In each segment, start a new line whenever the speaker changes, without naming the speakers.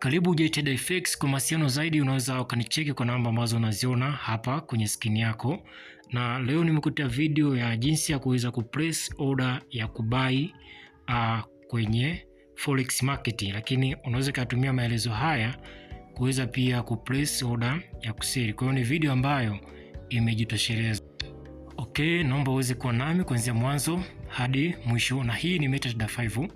Karibu Jiteda FX. Kwa mawasiliano zaidi unaweza ukanicheki kwa namba ambazo unaziona hapa kwenye skini yako, na leo nimekutia video ya jinsi ya kuweza kuplace order ya kubai uh, kwenye forex market, lakini unaweza ukatumia maelezo haya kuweza pia kuplace order ya kuseli. Kwa hiyo ni video ambayo imejitosheleza. Okay, naomba uweze kuwa nami kuanzia mwanzo hadi mwisho, na hii ni MetaTrader 5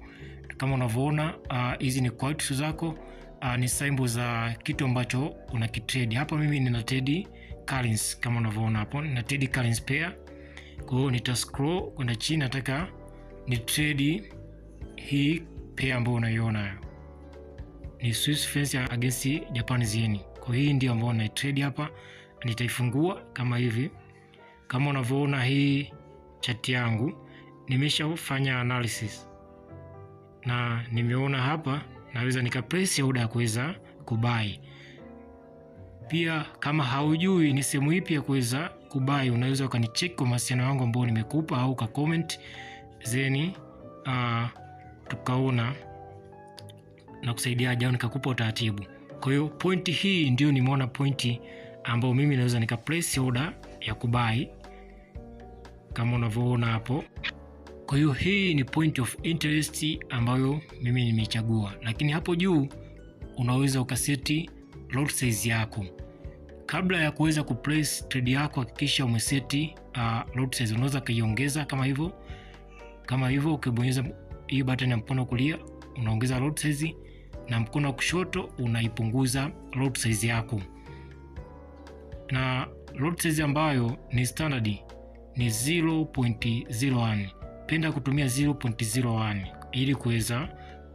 kama unavyoona ah, hizi uh, ni quotes zako uh, ni symbol za kitu ambacho una kitredi Hapa mimi nina tedi currency kama unavyoona hapo, na tedi currency pair. Kwa hiyo nita scroll kwenda chini, nataka ni trade hii pair ambayo unaiona ni Swiss francs against Japanese yen. Kwa hii ndio ambayo na trade hapa, nitaifungua kama hivi, kama unavyoona hii chati yangu nimeshafanya analysis na nimeona hapa naweza nikapresi oda ya kuweza kubai. Pia kama haujui ni sehemu ipi ya kuweza kubai, unaweza ukanicheki kwa mawasiliano yangu ambao nimekupa au ka comment zeni, uh, ah, tukaona na kusaidia au nikakupa utaratibu. Kwa hiyo pointi hii ndio nimeona pointi ambayo mimi naweza nika place order ya kubai kama unavyoona hapo. Kwa hiyo hii ni point of interest ambayo mimi nimechagua lakini hapo juu unaweza ukaseti lot size yako. Kabla ya kuweza kuplace trade yako, hakikisha umeseti uh, lot size. Unaweza ukaiongeza kama hivyo kama hivyo, ukibonyeza hii button ya mkono kulia unaongeza lot size na mkono wa kushoto unaipunguza lot size yako, na lot size ambayo ni standard ni 0.01 napenda kutumia 0.01 ili kuweza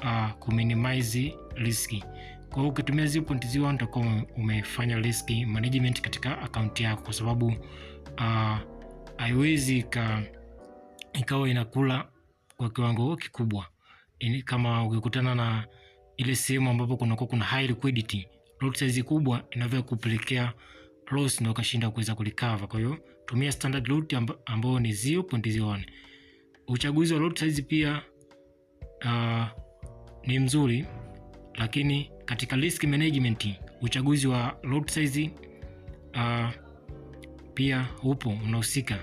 uh, kuminimize riski. Kwa hiyo ukitumia 0.01 utakuwa umefanya risk management katika akaunti yako, kwa sababu ah, haiwezi uh, ikawa inakula kwa kiwango kikubwa. Kama ukikutana na ile sehemu ambapo kunakuwa kuna high liquidity, lot size kubwa inaweza kupelekea loss na ukashinda kuweza kulikava. Kwa hiyo tumia standard lot ambayo ni 0.01 uchaguzi wa lot size pia uh, ni mzuri, lakini katika risk management uchaguzi wa lot size uh, pia upo unahusika.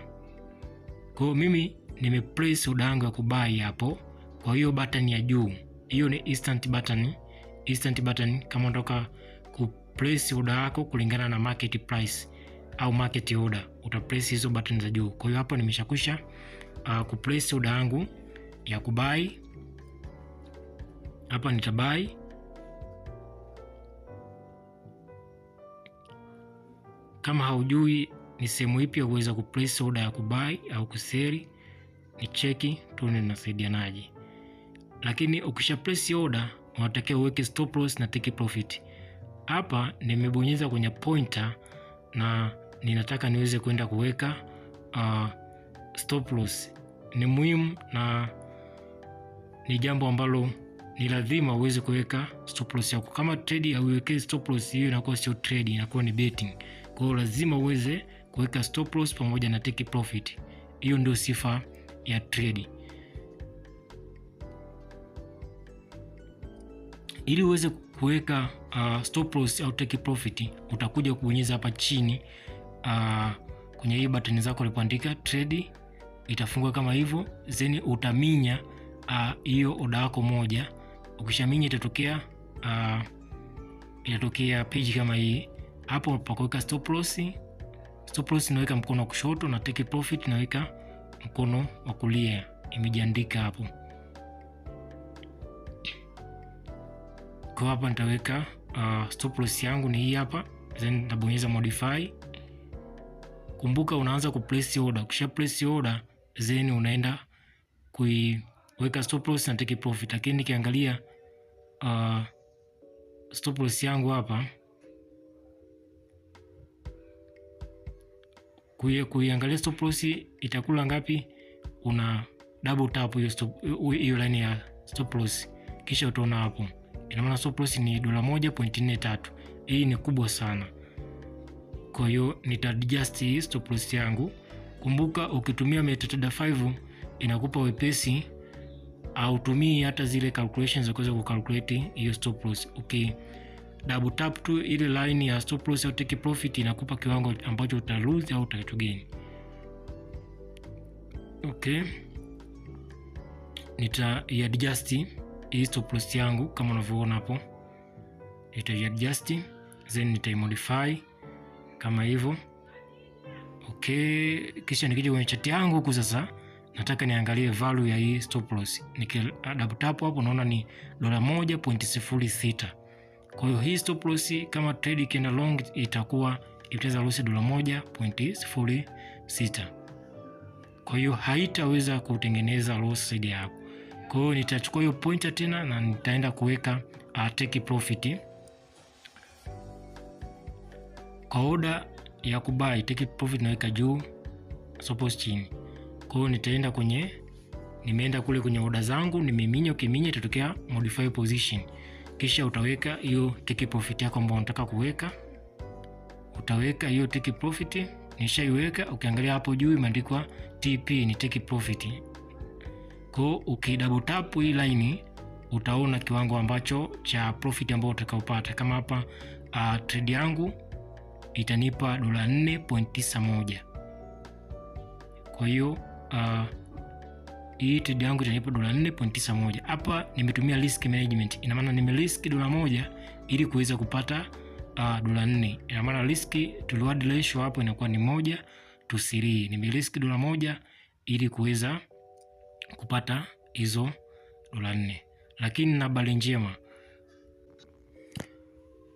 Kwa hiyo mimi nimeplace oda yangu ya kubai hapo. Kwa hiyo button ya juu hiyo ni instant button. Instant button kama unataka kuplace oda yako kulingana na market price au market order, utaplace hizo button za juu. Kwa hiyo hapo nimeshakusha uh, kuplace oda yangu ya kubai. Hapa nitabai kama haujui ni sehemu ipi ya kuweza kuplace order ya kubai au kuseri ni cheki tuni nasaidianaje Lakini ukisha place order, unatakiwa uweke stop loss na take profit. Hapa nimebonyeza kwenye pointer na ninataka niweze kwenda kuweka uh, stop loss ni muhimu na ni jambo ambalo ni lazima uweze kuweka stop loss yako. Kama trade hauwekei stop loss, hiyo inakuwa sio trade, inakuwa ni betting. Kwa hiyo lazima uweze kuweka stop loss pamoja na take profit. Hiyo ndio sifa ya trade. Ili uweze kuweka uh, stop loss au take profit, utakuja kubonyeza hapa chini uh, kwenye hii button zako ulipoandika trade itafungua kama hivyo, then utaminya ah, hiyo uh, oda yako moja. Ukishaminya itatokea uh, itatokea page kama hii hapo, pakuweka stop loss. Stop loss naweka mkono wa kushoto na take profit naweka mkono wa kulia, imejiandika hapo. Kwa hapa nitaweka uh, stop loss yangu ni hii hapa, then nitabonyeza modify. Kumbuka unaanza ku place order, ukisha place order then unaenda kuiweka stop loss na take profit. Lakini nikiangalia uh, stop loss yangu hapa kuiangalia stop loss itakula ngapi, una double tap hiyo stop hiyo line ya stop loss, kisha utaona hapo. Ina maana stop loss ni dola moja tatu. Hii ni kubwa sana, kwa hiyo nita adjust hii stop loss yangu. Kumbuka ukitumia metadata 5 inakupa wepesi, au tumii hata zile calculations za kuweza kucalculate hiyo stop loss. Okay. double tap tu ile line ya stop loss au take profit inakupa kiwango ambacho uta lose au uta gain. Okay, nita adjust hii stop loss yangu kama unavyoona hapo, nita adjust then nita modify kama hivyo. Okay, kisha nikija kwenye chati yangu huku sasa nataka niangalie value ya hii stop loss. Nikidouble tap hapo naona ni dola moja pointi sifuri sita. Kwa hiyo hii stop loss kama trade ikienda long itakuwa itaweza loss dola moja pointi sifuri sita. Kwa hiyo haitaweza kutengeneza loss zaidi ya hapo. Kwa hiyo nitachukua hiyo pointer tena na nitaenda kuweka uh, take profit kwa order ya kubai take profit naweka juu, suppose chini. Kwa hiyo nitaenda kwenye, nimeenda kule kwenye order zangu, nimeminya. Ukiminya itatokea modify position, kisha utaweka hiyo take profit yako ambayo unataka kuweka, utaweka hiyo take profit. Nishaiweka, ukiangalia hapo juu imeandikwa TP ni take profit. Kwa hiyo ukidouble tap hii line utaona kiwango ambacho cha profit ambayo utakaopata. Kama hapa uh, trade yangu itanipa dola 4.91. Kwa hiyo uh, hii trade yangu itanipa dola 4.91. Hapa nimetumia risk management, ina maana nimeriski dola moja ili kuweza kupata uh, dola 4. Ina maana risk to reward ratio hapo inakuwa ni moja to 3. Nimeriski dola moja ili kuweza kupata hizo dola 4, lakini na habari njema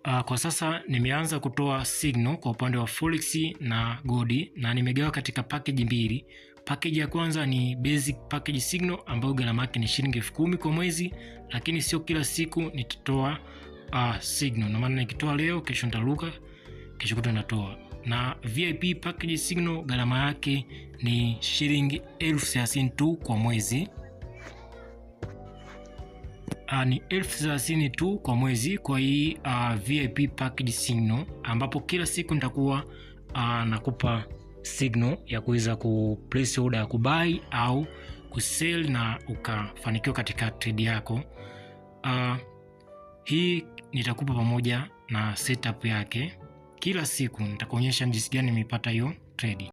Uh, kwa sasa nimeanza kutoa signal kwa upande wa Forex na gold na nimegawa katika package mbili. Package ya kwanza ni basic package signal ambayo gharama yake ni shilingi elfu kumi kwa mwezi, lakini sio kila siku nitatoa uh, signal. Na maana nikitoa leo, kesho nitaruka, kesho kuto natoa. Na VIP package signal gharama yake ni shilingi elfu thelathini tu kwa mwezi uh, ni elfu thelathini tu kwa mwezi kwa hii uh, ah, VIP package signal, ambapo kila siku nitakuwa uh, nakupa signal ya kuweza ku place order ya kubai au kusell na ukafanikiwa katika trade yako. Uh, hii nitakupa pamoja na setup yake. Kila siku nitakuonyesha jinsi gani nimepata hiyo trade.